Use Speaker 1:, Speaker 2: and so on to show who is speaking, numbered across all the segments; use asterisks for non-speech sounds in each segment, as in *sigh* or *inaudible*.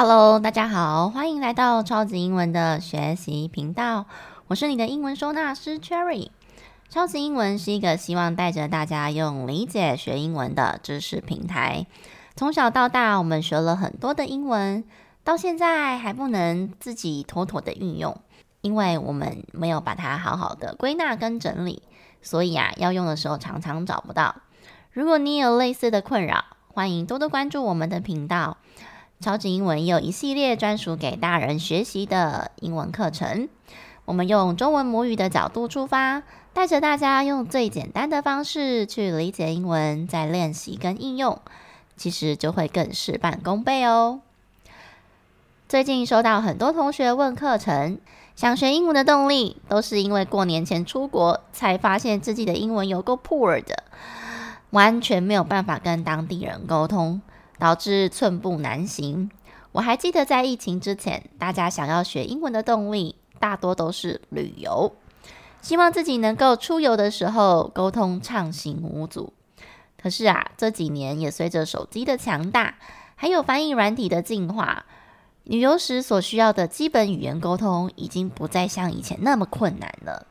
Speaker 1: Hello，大家好，歡迎來到超級英文的學習頻道。我是你的英文收納師 Cherry。超級英文是一個希望帶着大家用理解學英文的知識平台。從小到大，我們學了很多的英文，到現在還不能自己妥妥的運用，因為我們沒有把它好好的歸納跟整理，所以啊，要用的時候常常找不到。如果你有類似的困擾，歡迎多多關注我們的頻道。超級櫻文也有一系列專屬給大人學習的英文課程，我們用中文母語的角度出發，帶着大家用最簡單的方式去理解英文，再練習跟應用，其實就會更事半功倍哦。最近收到很多同學問課程，想學英文的動力，都是因為過年前出國，才發現自己的英文有夠 poor 的，完全沒有辦法跟當地人溝通。導致寸步難行。我還記得在疫情之前，大家想要學英文的動力大多都是旅遊，希望自己能夠出遊的時候溝通暢行無阻。可是啊，這幾年也隨着手機的強大，還有翻譯軟體的進化，旅遊時所需要的基本語言溝通已經不再像以前那麼困難了。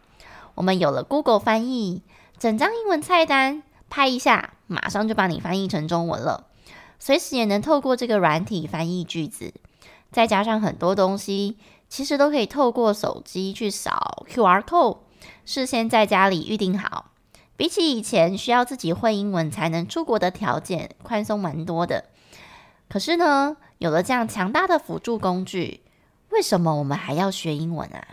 Speaker 1: 我們有了 Google 翻譯，整張英文菜單拍一下，馬上就把你翻譯成中文了。隨時也能透過這個軟體翻譯句子，再加上很多東西，其實都可以透過手機去掃 QR code，事先在家裡預定好。比起以前需要自己會英文才能出國的條件，寬鬆蠻多的。可是呢，有了這樣強大的輔助工具，為什麼我們還要學英文啊？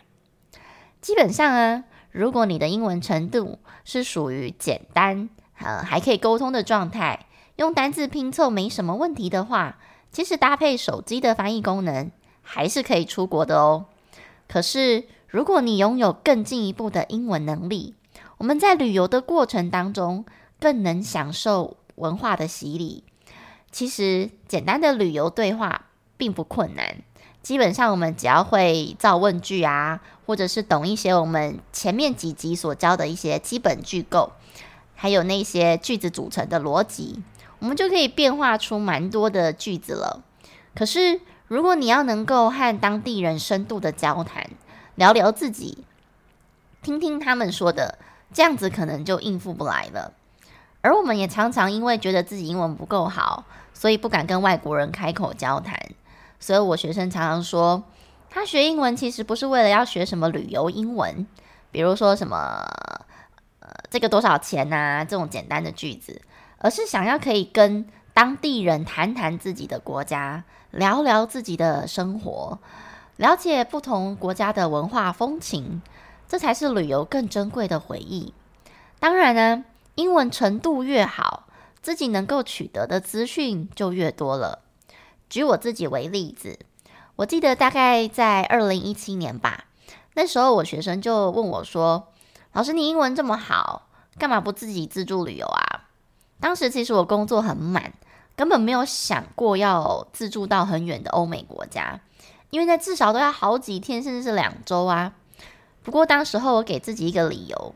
Speaker 1: 基本上啊，如果你的英文程度是屬於簡單，呃，還可以溝通的狀態。用單字拼湊沒什麼問題的話，其實搭配手機的翻譯功能還是可以出國的哦。可是，如果你擁有更進一步的英文能力，我們在旅遊的過程當中更能享受文化的洗禮。其實，簡單的旅遊對話並不困難。基本上，我們只要會造問句啊，或者是懂一些我們前面幾集所教的一些基本句構，還有那些句子組成的邏輯。我們就可以變化出蠻多的句子了。可是，如果你要能夠和當地人深度的交談，聊聊自己，聽聽他們說的，這樣子可能就應付不來了。而我們也常常因為覺得自己英文不夠好，所以不敢跟外國人開口交談。所以我學生常常說，他學英文其實不是為了要學什麼旅遊英文，比如說什麼，呃，這個多少錢吶，啊，這種簡單的句子。而是想要可以跟當地人談談自己的國家，聊聊自己的生活，了解不同國家的文化風情，這才是旅遊更珍貴的回憶。當然呢，英文程度越好，自己能夠取得的資訊就越多了。舉我自己為例子，我記得大概在二零一七年吧，那時候我學生就問我說：“老師，你英文這麼好，干嘛不自己自助旅遊啊？”當時其實我工作很滿，根本沒有想過要自助到很遠的歐美國家，因為那至少都要好幾天，甚至是兩周啊。不過當時候我給自己一個理由，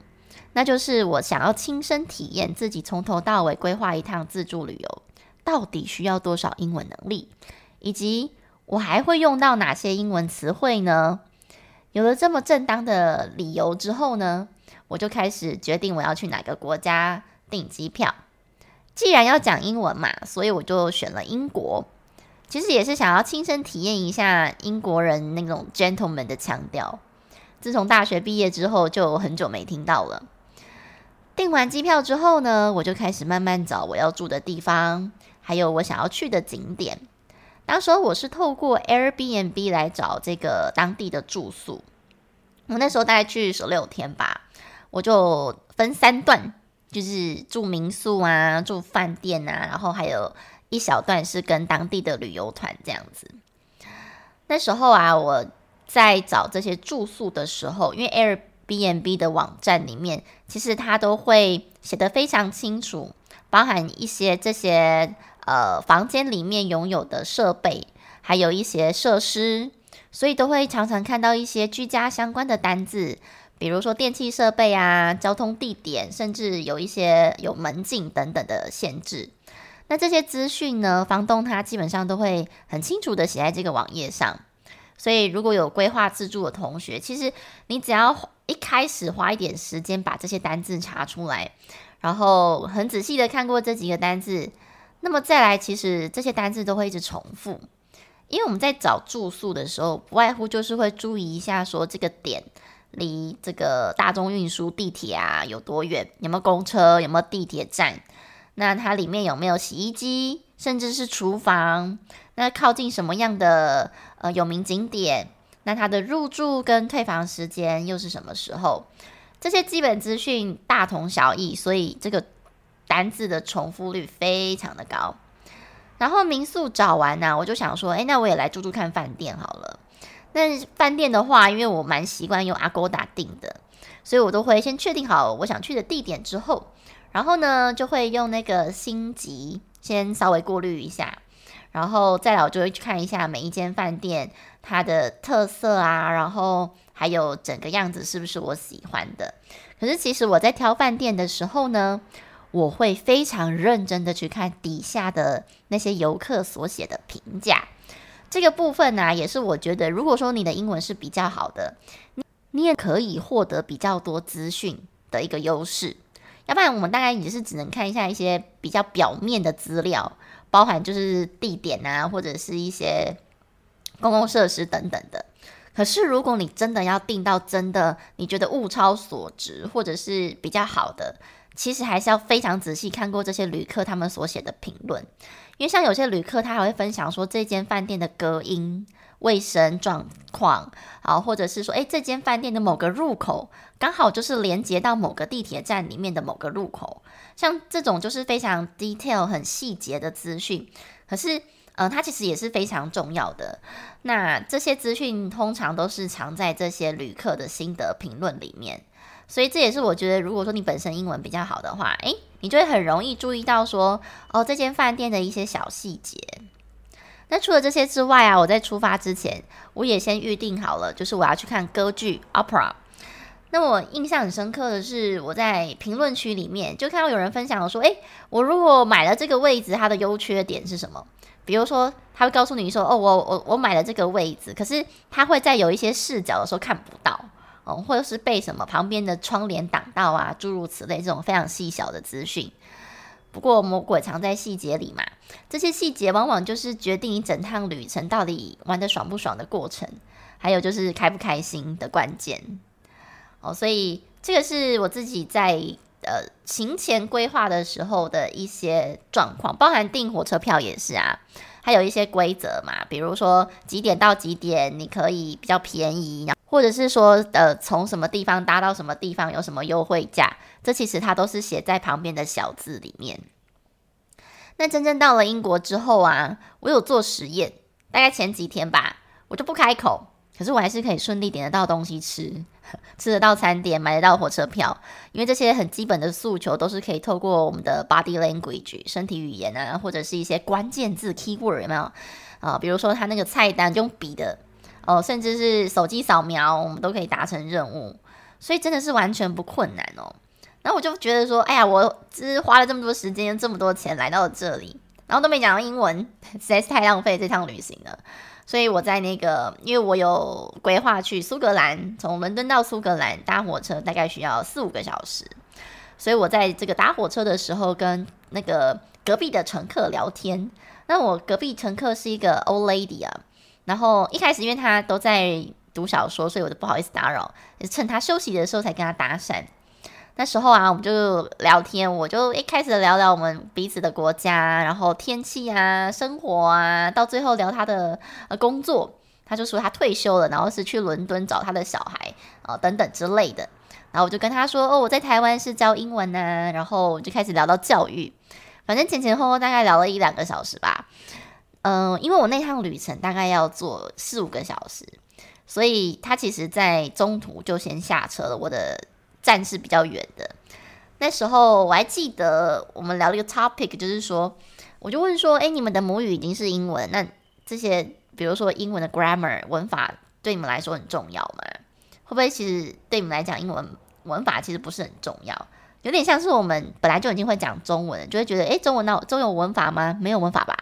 Speaker 1: 那就是我想要親身體驗自己從頭到尾規劃一趟自助旅遊，到底需要多少英文能力，以及我還會用到哪些英文詞彙呢？有了這麼正當的理由之後呢，我就開始決定我要去哪個國家訂機票。既然要講英文嘛，所以我就選了英國。其實也是想要親身體驗一下英國人那種 gentleman 的腔調。自從大學畢業之後，就很久沒聽到了。訂完機票之後呢，我就開始慢慢找我要住的地方，還有我想要去的景點。當時我是透過 Airbnb 來找這個當地的住宿。我那時候大概去十六天吧，我就分三段。就是住民宿啊，住飯店啊，然後還有一小段是跟當地的旅遊團這樣子。那時候啊，我在找這些住宿的時候，因為 Airbnb 的網站裡面其實它都會寫得非常清楚，包含一些這些呃、房間裡面擁有的設備，還有一些設施，所以都會常常看到一些居家相關的單字。比如說電器設備啊、交通地點，甚至有一些有門禁等等的限制。那這些資訊呢，房東他基本上都會很清楚的寫在這個網頁上。所以，如果有規劃自助的同學，其實你只要一開始花一點時間把這些單字查出來，然後很仔細的看過這幾個單字，那麼再來，其實這些單字都會一直重複，因為我們在找住宿的時候，不外乎就是會注意一下說這個點。離這個大眾運輸地鐵啊有多遠？有沒有公車？有沒有地鐵站？那它裡面有沒有洗衣機？甚至是廚房？那靠近什麼樣的呃有名景點？那它的入住跟退房時間又是什麼時候？這些基本資訊大同小異，所以這個單字的重複率非常的高。然後民宿找完呢、啊，我就想說，哎，那我也來住住看飯店好了。但是飯店的話，因為我蠻習慣用 Agoda 訂的，所以我都會先確定好我想去的地點之後，然後呢，就會用那個星級先稍微過濾一下，然後再來我就會去看一下每一間飯店它的特色啊，然後還有整個樣子是不是我喜歡的。可是其實我在挑飯店的時候呢，我會非常認真的去看底下的那些遊客所寫的評價。這個部分呢、啊，也是我覺得，如果說你的英文是比較好的，你也可以獲得比較多資訊的一個優勢。要不然，我們大概也是只能看一下一些比較表面的資料，包含就是地點啊，或者是一些公共設施等等的。可是，如果你真的要訂到真的你覺得物超所值，或者是比較好的，其實還是要非常仔細看過這些旅客他們所寫的評論。因為像有些旅客，他還會分享說，這間飯店的隔音、衛生狀況，啊，或者是說，誒，這間飯店的某個入口剛好就是連接到某個地鐵站裡面的某個入口，像這種就是非常 detail 很細節的資訊。可是，呃，它其實也是非常重要的。那這些資訊通常都是藏在這些旅客的心得評論裡面，所以這也是我覺得，如果說你本身英文比較好的話，誒你就會很容易注意到說，哦，這間飯店的一些小細節。那除了這些之外啊，我在出發之前，我也先預定好了，就是我要去看歌劇 opera。那我印象很深刻的是，我在評論區裡面就看到有人分享我說，誒，我如果買了這個位置，它的優缺點是什麼？比如說，他會告訴你說，哦，我我我買了這個位置，可是他會在有一些視角的時候看不到。或者是被什麼旁邊的窗簾擋到啊，諸如此類這種非常細小的資訊。不過魔鬼藏在細節裡嘛，這些細節往往就是決定你整趟旅程到底玩得爽不爽的過程，還有就是開不開心的關鍵。哦，所以這個是我自己在呃行前規劃的時候的一些狀況，包含訂火車票也是啊。還有一些規則嘛，比如說幾點到幾點你可以比較便宜，或者是說呃從什麼地方搭到什麼地方有什麼優惠價，這其實它都是寫在旁邊的小字裡面。那真正到了英國之後啊，我有做實驗，大概前幾天吧，我就不開口。可是我還是可以順利點得到東西吃， *laughs* 吃得到餐點，買得到火車票，因為這些很基本的訴求都是可以透過我們的 body language 身體語言啊，或者是一些關鍵字 keyword 有沒有啊、呃？比如說他那個菜單用筆的，哦、呃，甚至是手機掃描，我們都可以達成任務，所以真的是完全不困難哦。然後我就覺得說，哎呀，我只花了這麼多時間，這麼多錢來到了這裡，然後都沒講到英文，實在是太浪費這趟旅行了。所以我在那個，因為我有規劃去蘇格蘭，從倫敦到蘇格蘭搭火車大概需要四五個小時，所以我在這個搭火車的時候跟那個隔壁的乘客聊天。那我隔壁乘客是一個 old lady 啊，然後一開始因為他都在讀小說，所以我都不好意思打擾，趁他休息的時候才跟他搭訕。那時候啊，我們就聊天，我就一開始聊聊我們彼此的國家，然後天氣啊、生活啊，到最後聊他的呃工作，他就說他退休了，然後是去倫敦找他的小孩啊、哦、等等之類的。然後我就跟他說，哦，我在台灣是教英文啊，然後就開始聊到教育，反正前前後後大概聊了一兩個小時吧。嗯，因為我那趟旅程大概要坐四五個小時，所以他其實在中途就先下車了。我的。站是比較遠的。那時候我還記得，我們聊了一個 topic，就是說，我就問說：“哎、欸，你們的母語已經是英文，那這些，比如說英文的 grammar 文法，對你們來說很重要嗎？會不會其實對你們來講，英文文法其實不是很重要？有點像是我們本來就已經會講中文就會覺得，哎、欸，中文那中文有文法嗎？沒有文法吧？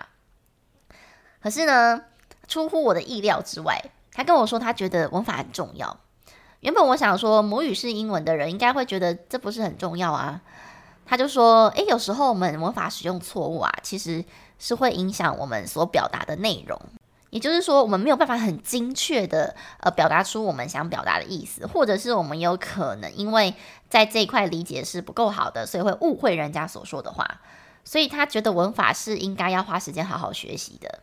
Speaker 1: 可是呢，出乎我的意料之外，他跟我說，他覺得文法很重要。”原本我想說，母語是英文的人應該會覺得這不是很重要啊。他就說：“誒，有時候我們文法使用錯誤啊，其實是會影響我們所表達的內容。也就是說，我們沒有辦法很精確的呃表達出我們想表達的意思，或者是我們有可能因為在這一塊理解是不夠好的，所以會誤會人家所說的話。所以他覺得文法是應該要花時間好好學習的。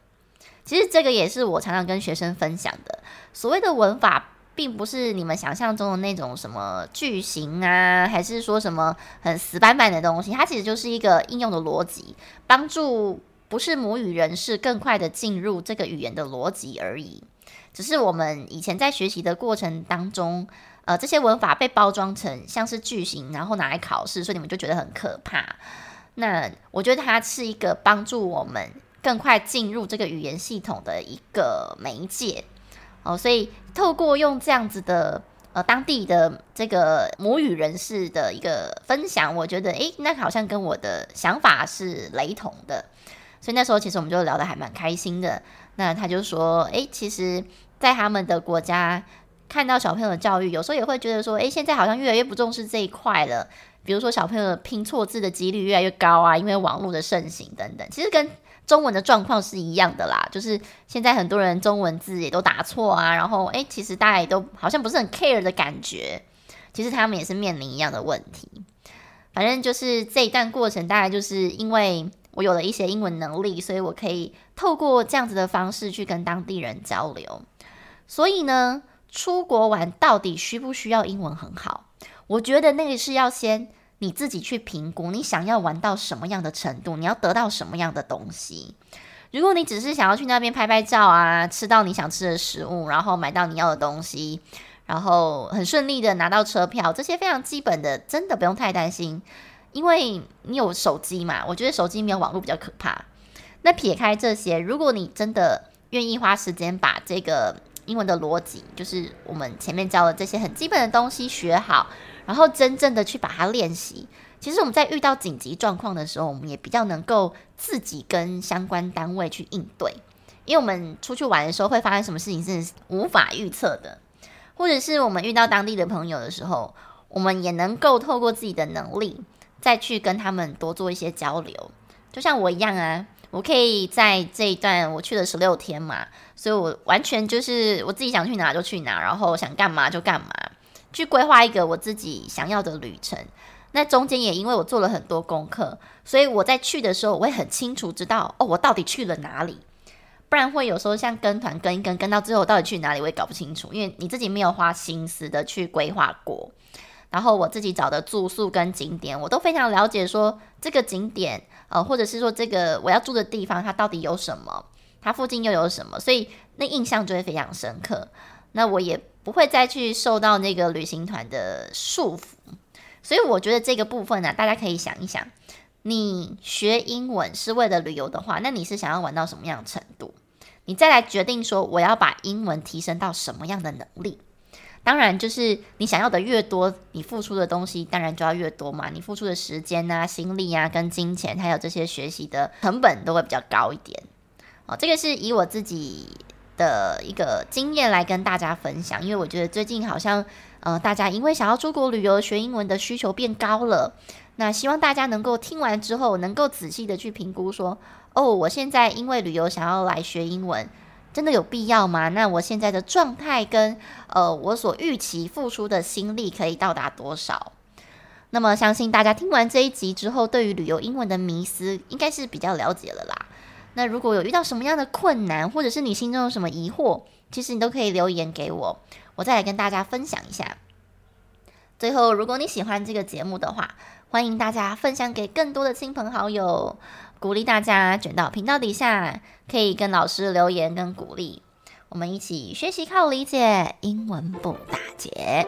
Speaker 1: 其實這個也是我常常跟學生分享的，所謂的文法。”並不是你們想象中的那種什麼句型啊，還是說什麼很死板板的東西，它其實就是一個應用的邏輯，幫助不是母語人士更快地進入這個語言的邏輯而已。只是我們以前在學習的過程當中，呃，這些文法被包裝成像是句型，然後拿來考試，所以你們就覺得很可怕。那我覺得它是一個幫助我們更快進入這個語言系統的一個媒介。哦，所以透過用這樣子的呃當地的這個母語人士的一個分享，我覺得誒、欸，那好像跟我的想法是雷同的，所以那時候其實我們就聊得還蠻開心的。那他就說，誒、欸，其實，在他們的國家看到小朋友的教育，有時候也會覺得說，誒、欸，現在好像越來越不重視這一塊了。比如說小朋友拼錯字的幾率越來越高啊，因為網絡的盛行等等。其實跟中文的狀況是一樣的啦，就是現在很多人中文字也都打錯啊，然後誒，其實大家也都好像不是很 care 的感覺，其實他們也是面臨一樣的問題。反正就是這一段過程，大概就是因為我有了一些英文能力，所以我可以透過這樣子的方式去跟當地人交流。所以呢，出國玩到底需不需要英文很好？我覺得那個是要先。你自己去評估，你想要玩到什麼樣的程度，你要得到什麼樣的東西。如果你只是想要去那邊拍拍照啊，吃到你想吃的食物，然後買到你要的東西，然後很順利的拿到車票，這些非常基本的，真的不用太擔心，因為你有手機嘛。我覺得手機沒有網絡比較可怕。那撇開這些，如果你真的願意花時間把這個英文的邏輯，就是我們前面教的這些很基本的東西學好，然後真正的去把它練習，其實我們在遇到緊急狀況的時候，我們也比較能夠自己跟相關單位去應對。因為我們出去玩的時候，會發生什麼事情是無法預測的，或者是我們遇到當地的朋友的時候，我們也能夠透過自己的能力再去跟他們多做一些交流。就像我一樣啊，我可以在這一段我去了十六天嘛，所以我完全就是我自己想去哪就去哪，然後想幹嘛就幹嘛。去規劃一個我自己想要的旅程，那中間也因為我做了很多功課，所以我在去的時候，我會很清楚知道哦，我到底去了哪裡，不然會有時候像跟團跟一跟，跟到最後到底去哪裡我也搞不清楚，因為你自己沒有花心思的去規劃過。然後我自己找的住宿跟景點我都非常了解，說這個景點呃，或者是說這個我要住的地方它到底有什麼，它附近又有什麼，所以那印象就會非常深刻。那我也。不會再去受到那個旅行團的束縛，所以我覺得這個部分呢、啊，大家可以想一想：你學英文是為了旅遊的話，那你是想要玩到什麼樣的程度？你再來決定說我要把英文提升到什麼樣的能力。當然，就是你想要的越多，你付出的東西當然就要越多嘛。你付出的時間啊、心力啊、跟金錢，還有這些學習的成本都會比較高一點。哦，這個是以我自己。的一個經驗來跟大家分享，因為我覺得最近好像，呃，大家因為想要出國旅遊，學英文的需求變高了。那希望大家能夠聽完之後，能夠仔細的去評估，說，哦，我現在因為旅遊想要來學英文，真的有必要嗎？那我現在的狀態跟，呃，我所預期付出的心力可以到達多少？那麼相信大家聽完這一集之後，對於旅遊英文的迷思，應該是比較了解了啦。那如果有遇到什麼樣的困難，或者是你心中有什麼疑惑，其實你都可以留言給我，我再來跟大家分享一下。最後，如果你喜歡這個節目的話，歡迎大家分享給更多的親朋好友，鼓勵大家捲到頻道底下，可以跟老師留言跟鼓勵。我們一起學習靠理解，英文不打結。